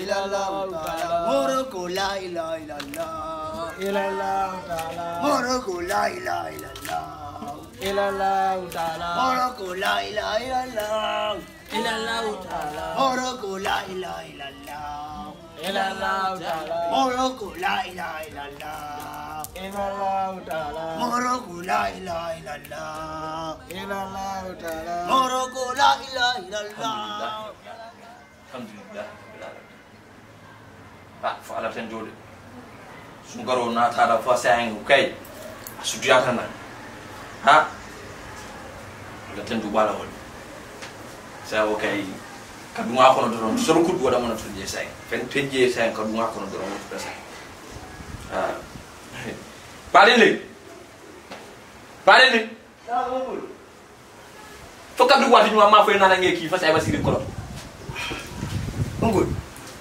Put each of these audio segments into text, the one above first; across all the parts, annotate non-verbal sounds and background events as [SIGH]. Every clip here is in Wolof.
Morocco la ilaha illallah. Ilallah ta'ala. Morocco la ilaha illallah. Ilallah ta'ala. Morocco la ilaha illallah. Ilallah ta'ala. Morocco la ilaha illallah. Ilallah ta'ala. Morocco la Ah, fo ala tan jooɗe sungaro naataɗa fo sahengo kay a sujjata na ah, ha ala tan duɓala wol sawo kay ka ɗuma kono doron soro kuddu waɗa mona toje sahen fen tejje sahen ka ɗuma kono doron wotuɗa sahen paɗe le paɗe le fo kabdi watiñuma ma foye nanange ki fa sa ewa siri kolo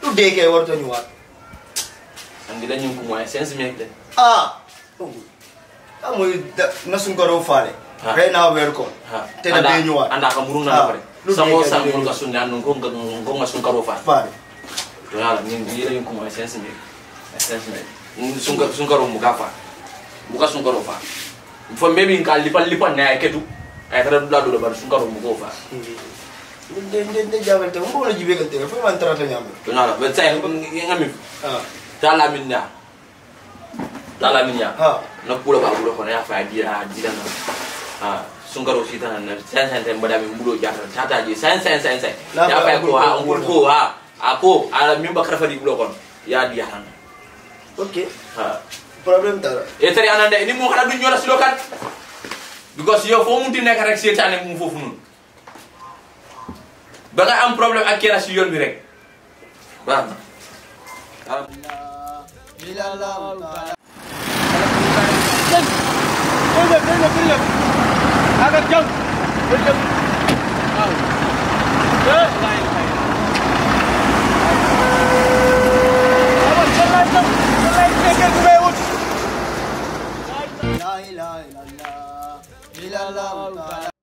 lu dee kay warut a ñëwaat. andi la ñu ngi ko moyen de. ah. ah mooy da na suñu ko doon faale. ah rey naa weer ko. ah, ah lu dee kay sango sango nga suñu andi nga nga nga suñu ñu ko moyen cinq mille cinq mille suñu suñu karoo mu kaa faale mu ka suñu karoo faale. fo ne ay ketu ay kata dula dula bari suñu karoo mu nde jabante mo wala jibe kan tele fo man trata nyambe to na ben say ngami ah dala minna dala minna ha na kula ba kula ko ya fa dira dira na ah sungkaro sita na sen sen sen bada min bulo jata tata ji sen sen sen sen ya fa ko ha ngul ko ha ako ala min bakra fa di bulo kon ya di han oke ha problem tara e eh, tari ananda ini mo hada du nyola silokan because yo fo mun ti nek rek setane mum fofu nun ba nga am problème ak kenn ci yoon bi rek waaw Agak jauh. Jauh. Jauh.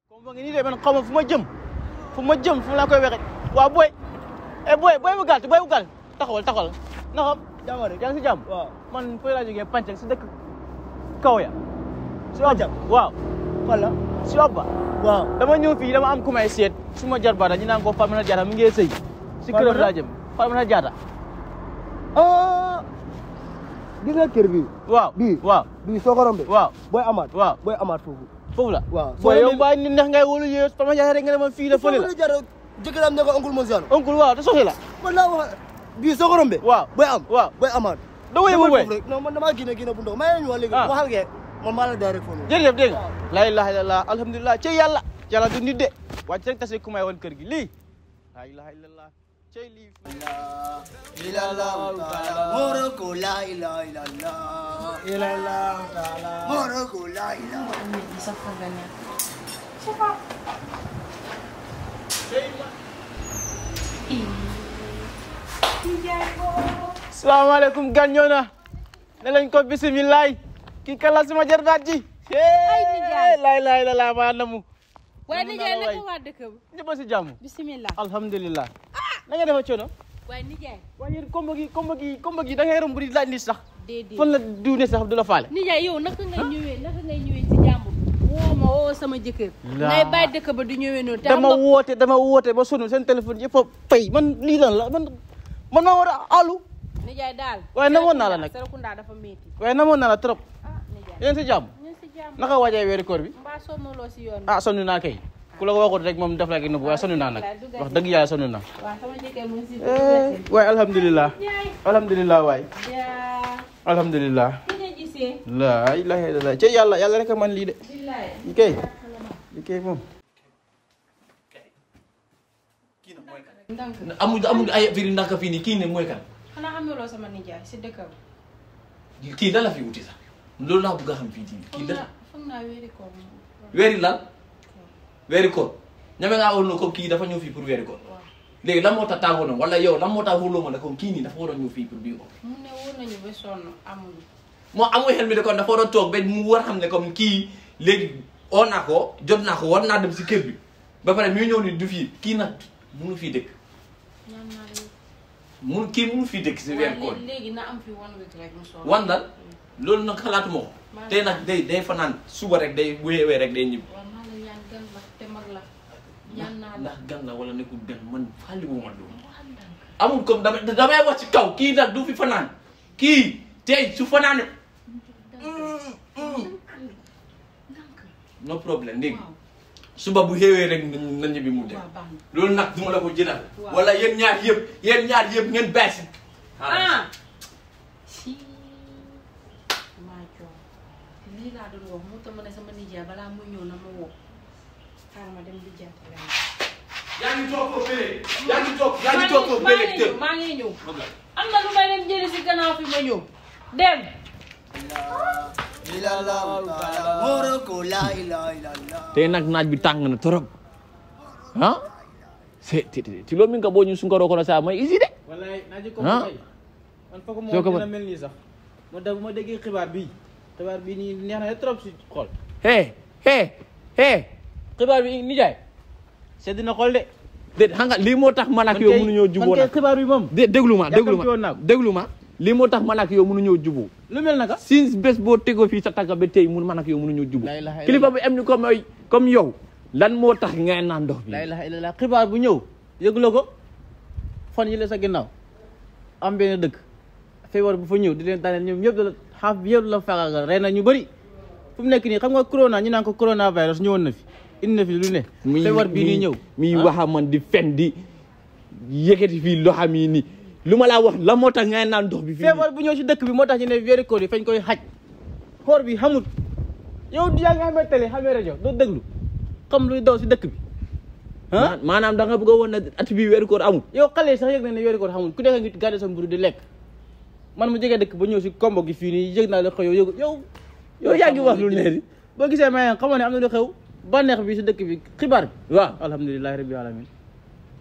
Kombang ini dia memang kamu semua jam fu ma jëm fu la koy wexej waa booy e booy booy bu gàtt booy bu gàtt taxawal taxawal naxam jàmm rek yaa ngi si jàmm man fooy laa jógee pancek si dëkk kaw ya si jam, waaw wala si wàll waaw dama ñëw fii dama am ku may seet su ma jar baata ñu naan ko Fatoumata Diatta mi ngi sëy si këram laa jëm Fatoumata Diatta ah gis nga kër bi waaw bi waaw bi soo ko rombee waaw booy amaat waaw booy amaat foofu foofu la waaw boo yow bàyyi ni neex ngay wóolu yéen Papa Ndiaye rek nga demoon fii la fële la jaro jëkkëram ne ko oncle ma ziar oncle waaw te soxla la man laa wax bii soo ko rombee waaw booy am waaw booy amaat da woy woy non man damaa génne génne bu ndox may nañu wax léegi ah. waxal ngeen man maa la day rek foofu jërëjëf dégg nga laa ilaha illallah alhamdulilah ci yàlla yàlla du nit de wàcc rek tase ku may woon kër gi lii laa ilaha illallah Jeli La ilallah ta'ala Moroku la Ilallah ta'ala Moroku la ilaha Ini bisa programnya Siapa? Assalamualaikum ganyona Nalañ ko bismillah ki kala ay la ci jamm bismillah alhamdulillah na nga defa coono waaye nijaay waaye yéen combo gi combo gi combo gi da ngay romb di laaj nit sax déedéet fan la duune sax du la faale nijaay yow naka ngay ñëwee naka ngay ñëwee ci jàmbur woo ma oh, sama jëkkër ngay bàyyi dëkk ba du ñëwee noonu dama woote dama woote ba sonu seen téléphone yëpp a pay man lii lan la man man maa war a alu nijaay daal waaye namoon naa la nag Serekunda dafa métti waaye namoon naa la trop yéen si jàmm naka waajee weeru koor bi mbaa sonnuloo si yoon ah sonn naa kay ku ya, eh, ya. la ko waxul rek moom def la ki Alhamdulillah, waaye Alhamdulillah. naa Alhamdulillah. wax dëgg yàlla sonn naa waaye alhamdulilah alhamdulillah waay alhamdulillah laa ilaha illallah ci yàlla ya yàlla rek a man lii de li kay li kay moom amul amul ay firi ndànk fii nii kii ne mooy kan xanaa xam nga loo sama nijaay si dëkkam kii dala fi wuti sax loolu laa bëgg a xam fii kii dala foog naa weeri koor weeri lan weeri koor ñame ngaa woon na ko kii dafa ñëw fii pour weeri koor léegi lan moo tax tàggoo na wala yow lan moo tax wóoloo ma ne ko kii nii dafa waroon ñëw fii pour bii ko mu moo amul xel kon dafa war a toog ba mu war xam ne comme kii léegi oo naa ko jot naa ko war naa dem si kër bi ba pare mu ñëw ni du fii kii nag munu fii dëkk mun kii munu fii dëkk si weer koor léegi am fi wan week wan dal loolu nag xalaatuma ko tey nag day day fanaan suba rek day bu rek day ñibbi ndax nah, nah, gang la wala nekkul gan man fàlliwuma loolu amul comme damay damay wax ci kaw kii nag du fi sufana kii su no problem ding, suba bu xewee rek na ñibbi mu dem loolu nag duma la ko jëlal wala yéen ñaar yëpp yéen ñaar yëpp ngeen beesi ah lii laa doon wax mu tax sama nijaay balaa muy ñëw na dem di yaa ngi toog ko fële. yaa ngi toog yaa ngi toog ko fële tëb maa ngi ñëw am na lu may si gannaaw fi ma ñëw dem. tey nag naaj bi tàng na trop ah c'est ci loolu mi nga boo ñu sunkaroo ko na saa may isi de. wallaay naaji ah? hey hey hey sedd na xol de déet xam nga lii moo tax man ak yow mënuñoo juboo nag xibaar yi moom déet déglu ma déglu ma déglu ma lii moo tax man ak yow mënuñoo juboo lu mel naka since bés boo tegoo fii sa tàgga ba tey mun man ak yow mënuñoo juboo kilifa bi am ni comme ay comme yow lan moo tax ngay naan ndox bi la ilaha illallah xibaar bu ñëw yëguloo ko fan yi la sa ginnaaw am benn dëkk feebar bu fa ñëw di leen daaneel ñoom ñëpp la xaaf bi yëpp la faagaagal rey na ñu bëri fu nekk nii xam nga corona ñu naan ko coronavirus ñëwoon na fi indi na fi lu ne. feebar bii nii ñëw muy ah. waxa man di fen di yëkkati fii loo xam yi nii lu ma laa wax la moo tax ngay naan ndox bi. fii feebar bu ñëw si dëkk bi moo tax ñu ne weeri yi fañ koy xaj koor bi xamul yow yaa ngi xamee télé xamee rajo doo déglu xam luy daw si dëkk bi. ah maanaam da bëgg woon ne at bii amul. yow xale yi sax yëg na ne weeru koor ku nekk ngi gàdde sa mburu di lekk man mu jógee dëkk ba ñëw si kombo gi naa la xew yow yow. yow yaa ngi wax lu leer boo gisee may xamoo ne am na lu xew bànneex bi si dëkk bi xibaar bi waaw rabbil alamin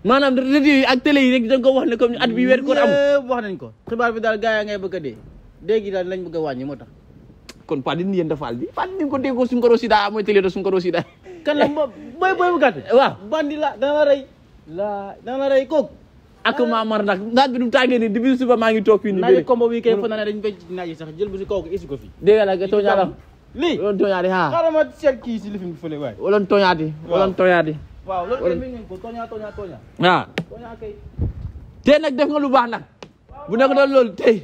maanaam rajo yi ak télé yi rek da nga ko wax ne comme at bi weer koor am wax nañ ko xibaar bi daal gars yaa ngay bëgg a dee déegi daal lañ bëgg a wàññi moo tax kon pas din yéen bi pas din ko déggoo suñ ko rosida mooy télé do suñ ko rosida kan la booy booy bu gàtt waaw bandi la dana la rey la dana la rey kooku ak maamar nag naaj bi du tàngee ni depuis suba maa ngi toog fii nii naaj combo bi kay fa na dañ koy naaj sax jël bu si kaw ko ko fii dégg la nga tooñaalam lii wala tooñaati ha xaaral ma seet kii si nag def nga lu baax nag bu nekk doon loolu tey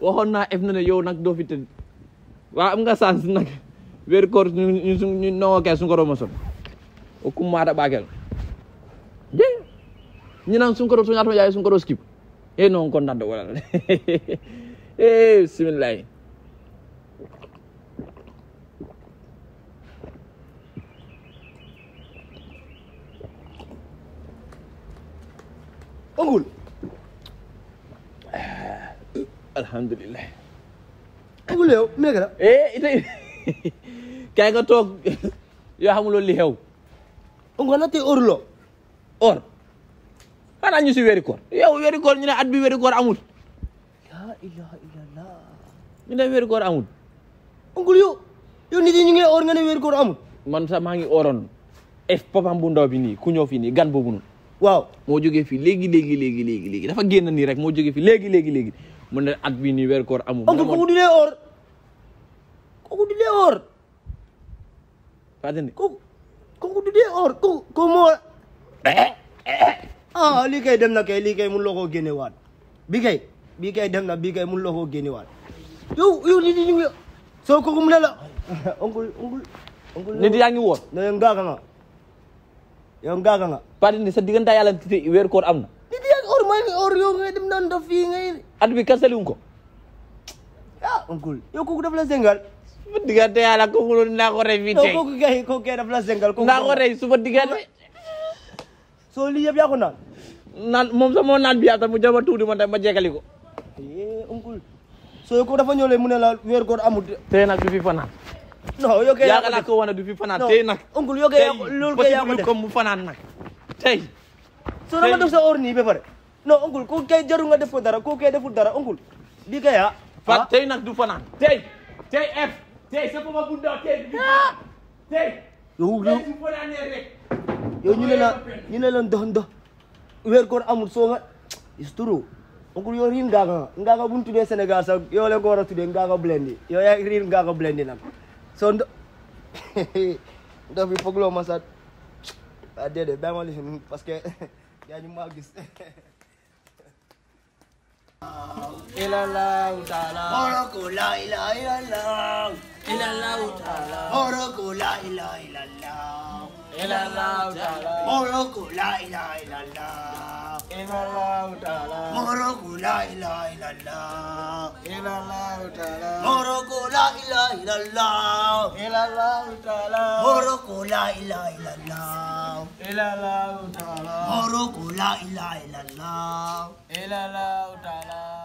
waxoon naa ef na ne yow nag doo fi tëdd waaw am nga sans nag weer koor ñu nongo kee sunkaro son o kum maata baakel de ñu naan sunkaro tooñaa skip e non kon naddo wala [LAUGHS] e eh, bisimilahi أقول الحمد لله أقول yow nekk la eh tey kaay nga toog yoo xamuloo li xew nga la tey or loo or xanaa ñu si weeri koor yow weeri koor ñu ne at bi weeri koor amul laa ilaha illallah ñu ne weeri koor amul ungul yow yow nit ñu ngi or nga ne weeri koor amul man sax maa ngi oroon e papam bu ndaw bi nii ku ñëw fii nii gan boobu noonu waaw moo jógee fi léegi léegi léegi léegi léegi dafa génn nii rek moo jógee fi léegi léegi léegi mu ne at bii nii weer koor amul amul kooku du lee kooku du lee or kooku du lee or kooku kooku moo [COUGHS] ah, lii kay dem na kay lii kay mun loo koo génne waat bi kay bii kay dem na bi kay mun loo koo génne waat yow [COUGHS] nit yaa ngi woor ne ngaaga nga yow ngaaga nga padi ni sa diggante yàlla titi weeru koor am na titi ak or maa ngi or yow ngay dem naan daf fii ngay at bi kasaliwun ko ah onkul yow kooku daf la sengal suma diggante yàlla ko munoon naa ko rey fii tey kooku kay kooku kay daf la sengal kooku naa ko rey suma diggante soo lii yëpp yaa ko naan naan moom sax moo naan bi yaa sax mu jama tuuti ma tam ma jegali ko onkul eh, soo ko dafa ñëw mu ne la weeru koor amul tey nag du fi fanaan No, yo kay yaakaar naa ko wana du fi fanaan tey nag ungul yo kay lool kay yaa ko def comme bu fanaan nag tey so dama def sa or nii ba pare non ungul ku kay jaru nga def ko dara ku kay deful dara ungul di kay yaa fa tey nag du fanaan tey tey f tey sa papa bu ndaw tey du tey yow yow yow ñu ne la ñu ne la ndox ndox weer koor amul soo nga ah. isturu Uncle yo rin gaga, gaga buntu de Senegal sa yo le ko wara tudde gaga blendi. Yo ya rin gaga blendi nak. So ndo ndo fi foglo ma sa adede ba mo le parce que ya ñu ma gis إلى الله تعالى بارك لا إله إلا الله إلى الله تعالى بارك لا إله إلا الله إلى الله تعالى بارك لا إله إلا الله Ilallahu ta'ala Moroku la ilaha illallah Ilallahu ta'ala Moroku la ilaha illallah Ilallahu ta'ala Moroku la ilaha illallah Ilallahu ta'ala Moroku la ilaha illallah Ilallahu